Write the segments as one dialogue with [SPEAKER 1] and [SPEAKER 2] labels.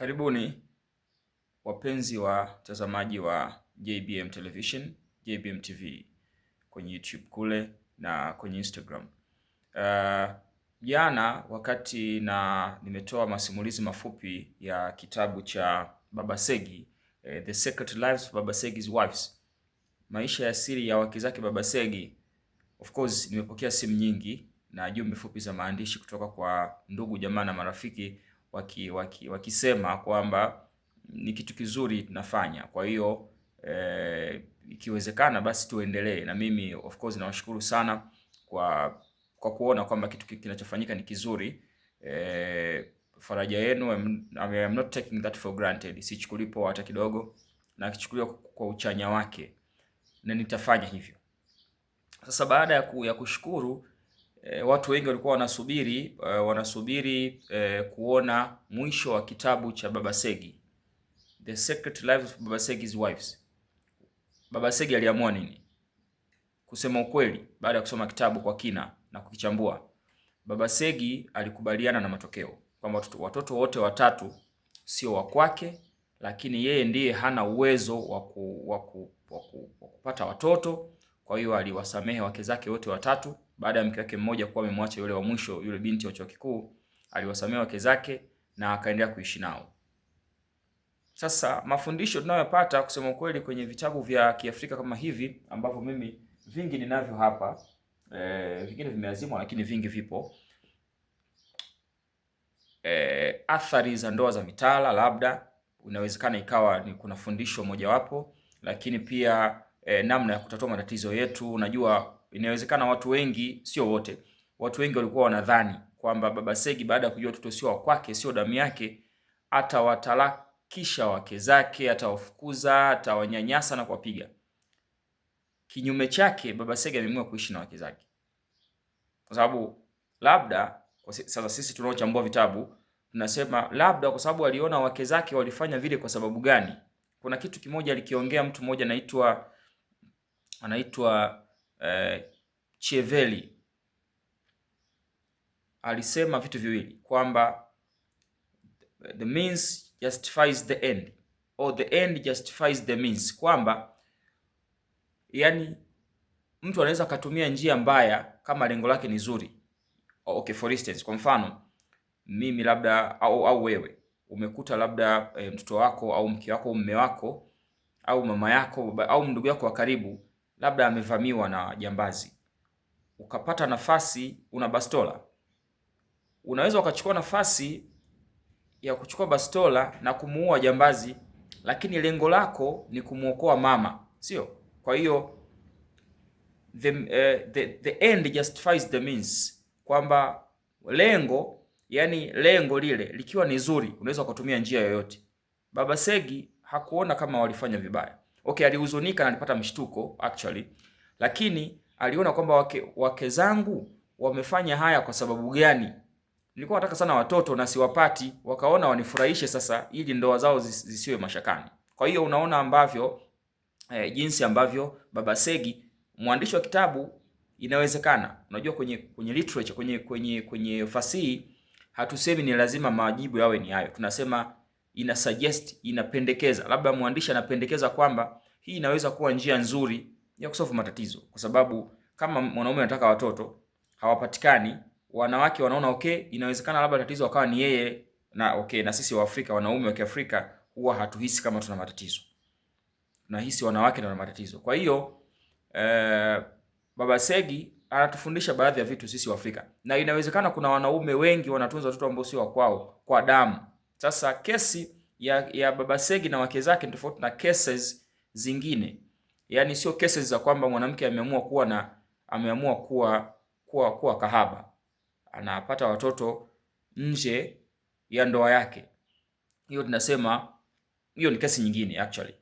[SPEAKER 1] Karibuni wapenzi watazamaji wa JBM Television, JBM TV kwenye YouTube kule na kwenye Instagram. Uh, jana uh, wakati na nimetoa masimulizi mafupi ya kitabu cha Baba Segi eh, The Secret Lives of Baba Segi's Wives, maisha ya siri ya wake zake Baba Segi. Of course nimepokea simu nyingi na jumbe fupi za maandishi kutoka kwa ndugu jamaa na marafiki waki, waki, wakisema kwamba ni kitu kizuri tunafanya. Kwa hiyo e, ikiwezekana basi tuendelee, na mimi of course nawashukuru sana kwa kwa kuona kwamba kitu kinachofanyika ni kizuri e, faraja yenu. I'm, I'm not taking that for granted, sichukuli poa hata kidogo, na kichukulia kwa uchanya wake, na nitafanya hivyo. Sasa baada ya, ku, ya kushukuru e, watu wengi walikuwa wanasubiri e, wanasubiri e, kuona mwisho wa kitabu cha Baba Segi, The Secret Life of Baba Segi's Wives. Baba Segi aliamua nini? Kusema ukweli, baada ya kusoma kitabu kwa kina na kukichambua, Baba Segi alikubaliana na matokeo kwamba watoto wote watatu sio wa kwake, lakini yeye ndiye hana uwezo wa waku, waku, waku, kupata watoto kwa hiyo aliwasamehe wake zake wote watatu baada ya mke wake mmoja kuwa amemwacha yule wa mwisho, yule binti wa chuo kikuu, aliwasamehe wake zake na akaendelea kuishi nao. Sasa mafundisho tunayopata kusema kweli kwenye vitabu vya Kiafrika kama hivi ambavyo mimi vingi ninavyo hapa e, vingine vimeazimwa lakini vingi vipo. E, athari za ndoa za mitala labda inawezekana ikawa ni kuna fundisho mojawapo, lakini pia eh, namna ya kutatua matatizo yetu. Najua inawezekana watu wengi, sio wote, watu wengi walikuwa wanadhani kwamba Baba Segi baada ya kujua watoto sio wa kwake, sio damu yake, atawatalakisha wake zake, atawafukuza, atawanyanyasa na kuwapiga. Kinyume chake, Baba Segi ameamua kuishi na wake zake, kwa sababu labda sasa sisi tunaochambua vitabu tunasema labda kwa sababu aliona wake zake walifanya vile kwa sababu gani. Kuna kitu kimoja alikiongea mtu mmoja anaitwa anaitwa eh, Cheveli alisema vitu viwili kwamba the means justifies the end or the end justifies the means, kwamba yani mtu anaweza akatumia njia mbaya kama lengo lake ni zuri. Okay, for instance, kwa mfano mimi labda au, au wewe umekuta labda e, mtoto wako au mke wako mume wako au mama yako au ndugu yako wa karibu labda amevamiwa na jambazi, ukapata nafasi, una bastola, unaweza ukachukua nafasi ya kuchukua bastola na kumuua jambazi, lakini lengo lako ni kumwokoa mama, sio? Kwa hiyo the, uh, the, the end justifies the means, kwamba lengo, yani lengo lile likiwa ni zuri, unaweza ukatumia njia yoyote. Baba Segi hakuona kama walifanya vibaya. Okay, alihuzunika na alipata mshtuko actually, lakini aliona kwamba wake, wake zangu wamefanya haya kwa sababu gani? Nilikuwa nataka sana watoto na siwapati, wakaona wanifurahishe sasa ili ndoa zao zisiwe mashakani. Kwa hiyo unaona ambavyo eh, jinsi ambavyo Baba Segi mwandishi wa kitabu inawezekana. Unajua kwenye kwenye literature, kwenye kwenye kwenye fasihi hatusemi ni lazima majibu yawe ni hayo, tunasema ina suggest, inapendekeza, labda mwandishi anapendekeza kwamba hii inaweza kuwa njia nzuri ya kusolve matatizo, kwa sababu kama mwanaume anataka watoto hawapatikani, wanawake wanaona okay, inawezekana labda tatizo akawa ni yeye na okay, na sisi Waafrika, wanaume wa Kiafrika huwa hatuhisi kama tuna matatizo, nahisi wanawake ndio wana matatizo. Kwa hiyo eh, Baba Segi anatufundisha baadhi ya vitu sisi Waafrika, na inawezekana kuna wanaume wengi wanatunza watoto ambao sio wa kwao kwa damu sasa kesi ya, ya Baba Segi na wake zake ni tofauti na cases zingine, yaani sio cases za kwamba mwanamke ameamua kuwa na ameamua kuwa kuwa kuwa kahaba anapata watoto nje ya ndoa yake. Hiyo tunasema hiyo ni kesi nyingine actually.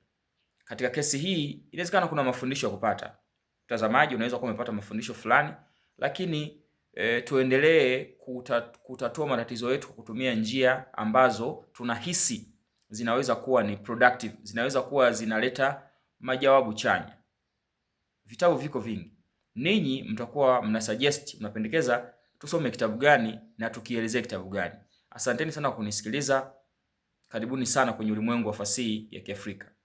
[SPEAKER 1] Katika kesi hii inawezekana kuna mafundisho ya kupata. Mtazamaji, unaweza kuwa umepata mafundisho fulani, lakini e, tuendelee kuta, kutatua matatizo yetu kwa kutumia njia ambazo tunahisi zinaweza kuwa ni productive, zinaweza kuwa zinaleta majawabu chanya. Vitabu viko vingi, ninyi mtakuwa mna suggest, mnapendekeza tusome kitabu gani na tukielezea kitabu gani. Asanteni sana kwa kunisikiliza. Karibuni sana kwenye ulimwengu wa fasihi ya Kiafrika.